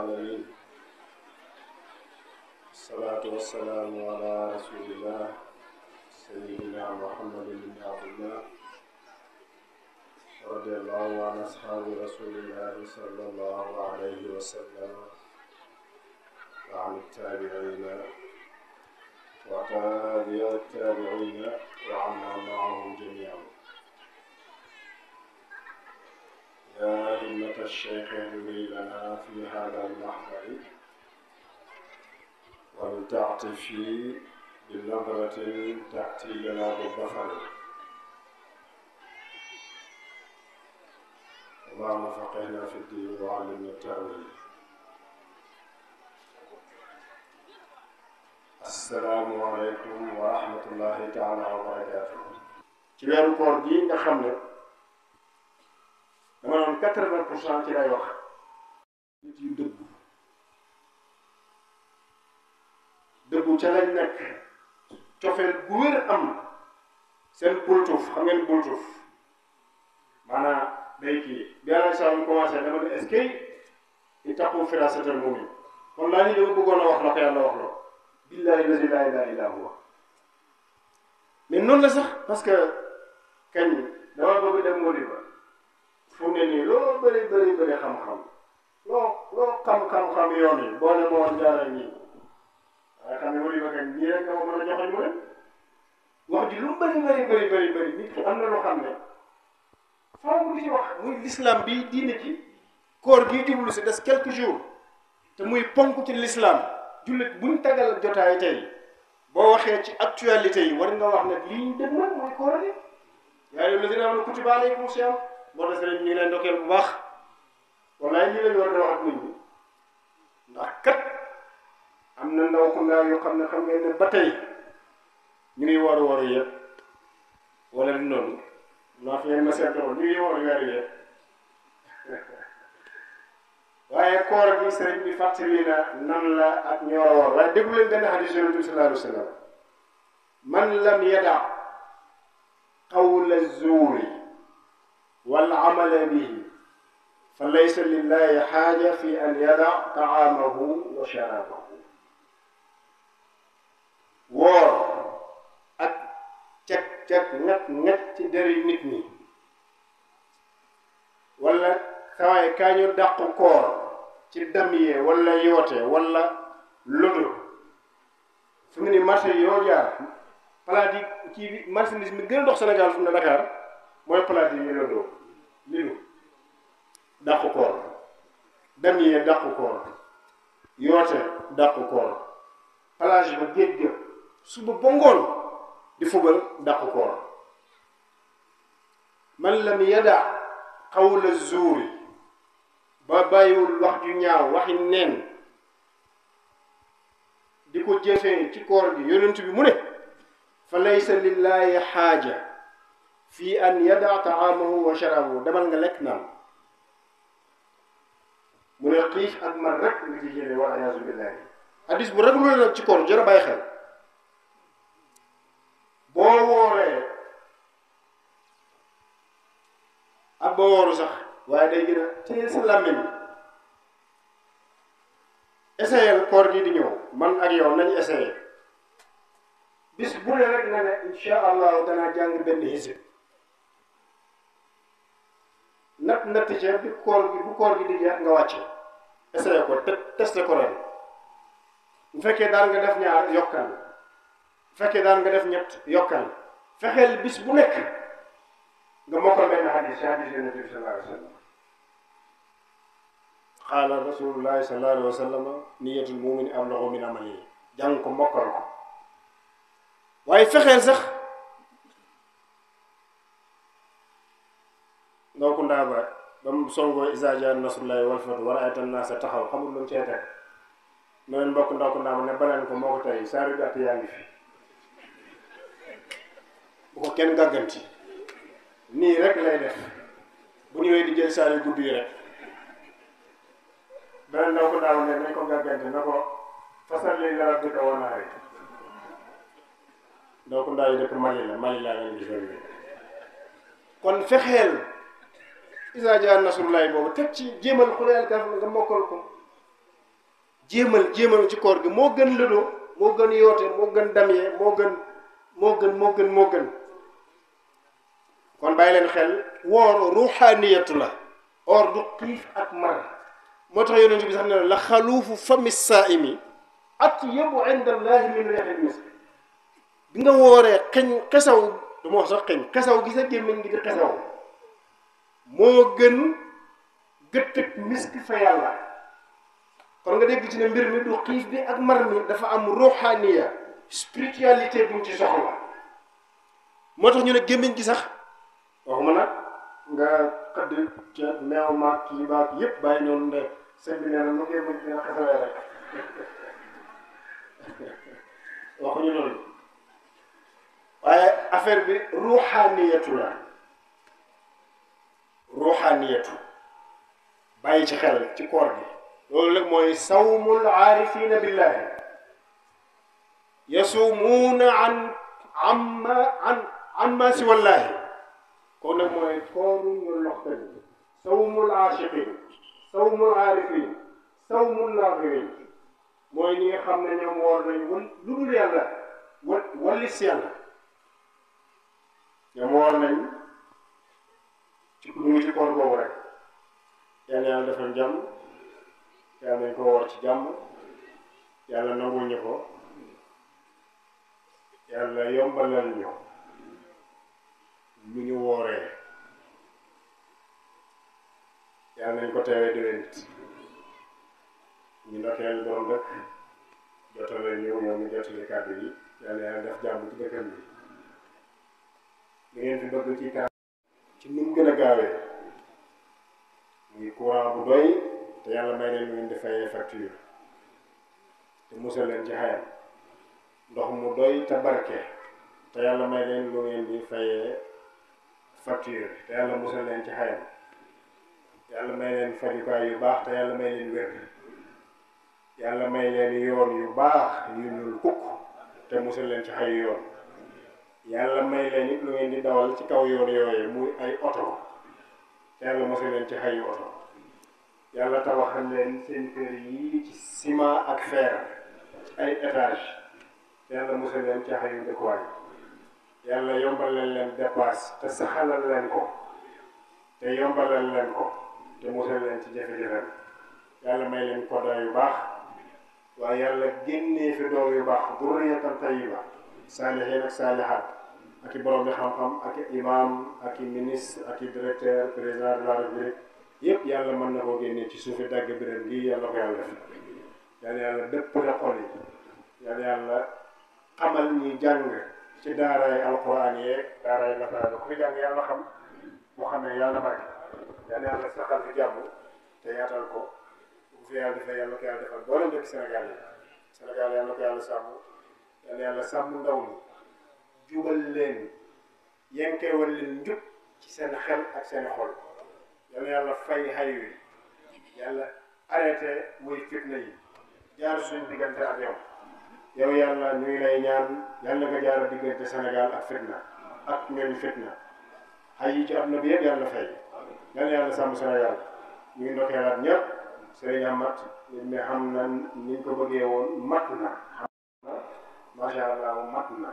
العالمين الصلاة والسلام على رسول الله سيدنا محمد بن عبد الله رضي الله عن أصحاب رسول الله صلى الله عليه وسلم وعن التابعين وعن التابعين وعنا معهم جميعا يا الشيخ اهدني لنا في هذا المحضر ولتعطفي بنظرة تأتي لنا بالبصر اللهم فقهنا في الدين وعلمنا التأويل السلام عليكم ورحمة الله تعالى وبركاته ci weeru koor gii quatre-vingt pour cent ci lay wax nit yu dëggu dëggu ca lañ nekk cofeel bu wér am seen bultuuf xam ngeen bultuuf maanaam day kii bi alay salaam commencé dama ne est-ce que ittaqu firaasatal mu'min kon laa ni dama bëggoon a wax la ko yàlla wax loo billahi lazi laa ilaaha illaa huwa mais noonu la sax parce que kañ dama bëgg dem Modiba fu ne nii loo bëri bëri bëri xam-xam loo loo xam-xam-xam yoon yi boo demoo woon jaaral ñii waaye xam ne wali bakat ñii rek a joxoñ ne wax ji lu bëri bëri bëri am na loo xam ne faaw mu di ci wax muy l'islam bi diine ci koor gii jublu si des quelques jours te muy ponk ci l'islam jullit buñ tagal jotaay tey boo waxee ci actualité yi war nga wax ne lii ñu dëgmal mooy koor gi yaa ayyuhal lazina aamanu kutiba alaykumus siyaam moo tax ñu ngi leen dokkeel bu baax wallaay lii lañu war a wax ak nit ñi ndax kat am na ndaw xundaa yoo xam ne xam ngeen ne ba tey ñu ngi waru waru yëpp wala du noonu ndax yéen ma seet ñu ngi waru weer yëpp waaye koor bi sëriñ bi fàttali na nan la ak ñoo war a war waaye déglu leen benn xadis yonent bi sallallahu alayhi wa sallam man lam yada qawla zuuri والعمل به فليس لله حاجة في أن يدع طعامه وشرابه woor ak ceg-ceg ñet-ñet ci deri nit ñi wala sawaay kaa ñu dàq koor ci damyee wala yoote wala lodo fu mu ne marché yoo jaar palaat yi kii marchandise mi gën a dox Sénégal fu mu ne Dakar mooy palaat yi ñu yendoo linu dàqu koor damiye dàqu koor yoote dàqu koor plage ba géej ga suba ba ngoon di fubal dàqu koor man la lam yada xawla zuuri ba bàyyiwul wax ju ñaaw waxi neen di ko jëfee ci koor gi yonent bi mu ne fa laysa lillaahi xaaja fii an yadaa taamahu wa sharaabahu demal nga lekk naan mu ne xiif ak mar rek nga ci jëlee wal ayaasu billahi hadis bu régulier nag ci koor jërë bàyyi xel boo wooree ak boo wooru sax waaye day gën a téye koor gi di ñëw man ak yow nañ essayé bis bu ne rek nga ne incha allah danaa jàng benn hisib natt nattijee bi koor gi bu koor gi di jeex nga wàcce essayé ko te testé ko ren bu fekkee daan nga def ñaar yokkal bu fekkee daan nga def ñett yokkal fexeel bis bu nekk nga mokkal benn hadis hadis yonent bi sallallahu alayhi wa sallam qaala rasulullahi sallallahu alayhi wa sallam niyatul mumin ablaxu min amali jàng ko mokkal ko waaye fexeel sax bu songoo izaa jaa nasrullaahi wal fath wa ra'ayta naasa taxaw xamul lu mu cee teg ne leen mbokk ndaw ko ndaam ne baneen ko moo ko tey saari gàtt yaa ngi fi bu ko kenn gàgganti nii rek lay def bu ñëwee di jël saari gudd yi rek beneen ndaw ko ndaam ne nañ ko gàgganti na ko fasalli li rabbika wanhaar ndaw ko ndaw yi dëkk Mali la Mali laa leen gis kon fexeel isa jaa nasrullahi boobu teg ci jéemal xuree alkaaf nga mokkal ko jéemal jéemal ci koor gi moo gën lëdoo moo gën yoote moo gën damyee moo gën moo gën moo gën moo gën kon bàyyi leen xel woor ruuxaaniyatu la or du xiif ak mar moo tax yonent bi sax ne la xaluufu fami saaimi atyabu inda allahi min riixil misk bi nga wooree xeñ xesaw du ma wax sax xeñ xesaw gi sa gémmiñ gi di xesaw moo gën gëttëg miski fa yàlla kon nga dégg ci ne mbir mi du xiif bi ak mar mi dafa am ruuxaaniya spiritualité buñ ci soxla moo tax ñu ne gémmiñ gi sax waxuma nag nga xëdd ca meew maak kii baak yépp bàyyi noonu ne sëñ bi mu ngee mën dina xasawee rek waxuñu loolu waaye affaire bi ruuxaaniyatu روحانيته باي تي خيل تي كور دي لول موي صوم العارفين بالله يصومون عن عما عن عن ما سوى الله كون موي كور نلوخل صوم العاشقين صوم العارفين صوم الناظرين موي ني خامنا نيم وور ناي وون لودول يالا ولي سيالا نيم وور ناي mu ngi ci koor boobu rek yàlla yàlla defal jàmm yàlla nañ ko woor ci jàmm yàlla nangul ñu ko yàlla yombalal ñu mu ñu wooree yàlla nañ ko teewee déwénit ñu ndokkeel borom dëkk jotale ñëw ñoom ñu jotale kàddu yi yàlla yàlla def jàmm ci dëkkam bi li ngeen fi bëgg ci ci nu mu gën a gaawee muy courant bu doy te yàlla may leen ngeen di fayee facture te musal leen ci xayam ndox mu doy te barke te yàlla may leen lu ngeen di fayee facture te yàlla musal leen ci xayam yàlla may leen fajukaay yu baax te yàlla may leen wér yàlla may leen yoon yu baax yu ñuul kukk te musal leen ci xay yoon yàlla may leen it lu ngeen di dawal ci kaw yoon yooyee muy ay oto yàlla mos leen ci xayu oto yàlla tabaxal leen seen kër yi ci ciment ak fer ay étage yàlla mos leen ci xayu dëkkuwaay yàlla yombal leen leen dépasse te saxalal leen ko te yombalal leen ko te mosal leen ci jafe-jafe yàlla may leen kodda yu baax waaye yàlla génnee fi doom yu baax bu durriyatan tayiba saalihiin ak saalihaat ak borom bi xam-xam ak imam ak ministre ak directeur président de la république yépp yàlla mën na ko génnee ci suufi dagg biram gi yàlla ko yàlla def yàlla yàlla dëpp la xol yi yàlla yàlla xamal ñi jàng ci daaray alquran yeeg daaray lasaar ku fi jàng yàlla xam mu xamee yàlla bàyyi yàlla yàlla saxal fi jàmm te yaatal ko bu fi yàlla defee yàlla ko yàlla defal boo leen Sénégal yi Sénégal yàlla ko yàlla sàmm yàlla yàlla sàmm ndaw ñi yenkewal leen yenkewal leen njub ci seen xel ak seen xol yal yàlla fay xay wi yàlla arrêté muy fitna yi jaar suñ diggante ak yow yow yàlla ñuy lay ñaan yàlla nga jaara diggante Sénégal ak fitna ak ñooñu fitna xay yi ci àdduna bi yëpp yàlla fay yal yàlla sàmm Sénégal ñu ngi ndokkeelaat ñëpp Serigne Amath ne xam na ñu ko bëggee woon mat na. macha allah mat na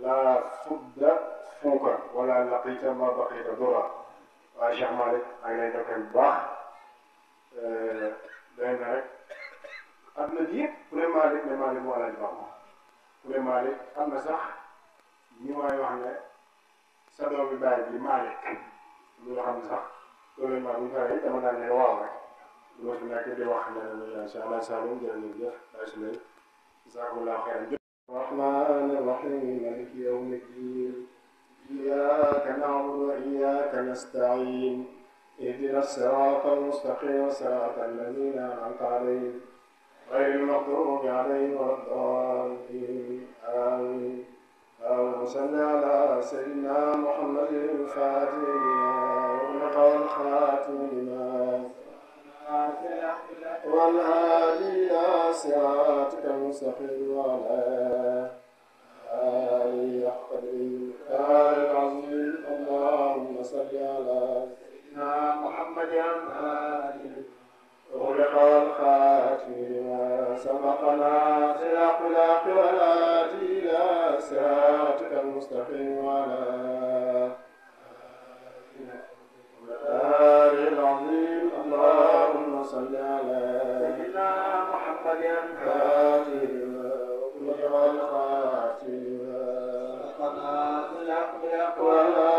لا فد فوق ولا لقيت ما بقيت ذرة أشيخ مالك أين يدرك الباح آه، لأن رك أبنى دي كل مالك من مالك مو على الباحة مالك أما صح نيوا يوحنا سبب ببعض مالك نقول أما صح كل ما نقول هاي تمنا نواه لو سمعت دي واحد من الناس على سالون جاني بيا بس من زاكولا خير الرحمن الرحيم مالك يوم الدين إياك نعبد وإياك نستعين اهدنا الصراط المستقيم صراط الذين أنعمت عليهم غير المغضوب عليهم ولا الضالين آمين اللهم صل على سيدنا محمد الفاتح لما أغلق والخاتم والهادي صراطك المستقيم وعلى آله حق العظيم اللهم صل على سيدنا محمد آله خلق الخاتم لما سبقنا صراط الحق والآتي إلى صراطك المستقيم وعلى آله Yeah.